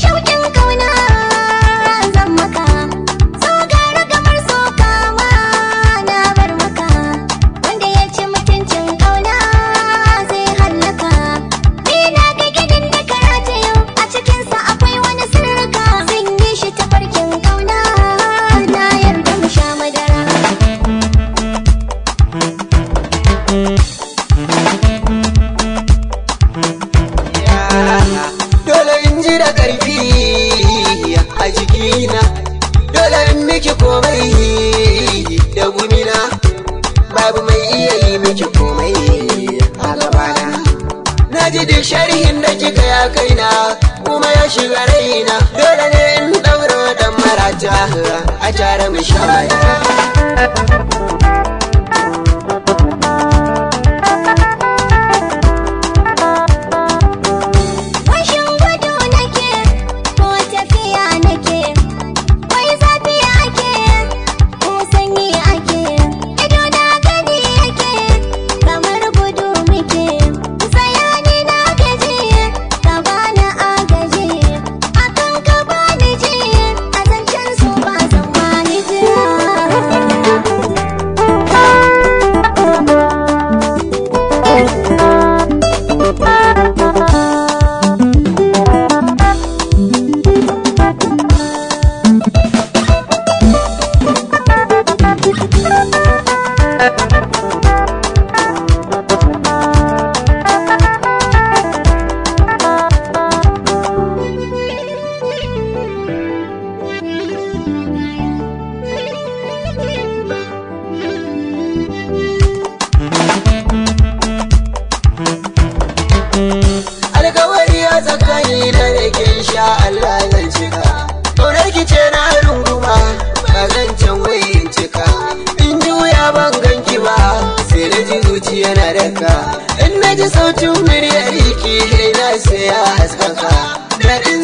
show you going on da karfi a jikina dole in miki komai da gumina babu mai iya yi miki komai a gabana na ji duk sharhin da kika ya kaina kuma ya shiga raina dole ne in daura wadan marata a tare mu shawara. alkawari a tsakani na da kin sha Allah zan cika ƙaunar ce na runguma ba zan can wayin cika in juya ban ganki ba sai na ji zuciya yana daka in na ji sautin muryar ki na sai haskaka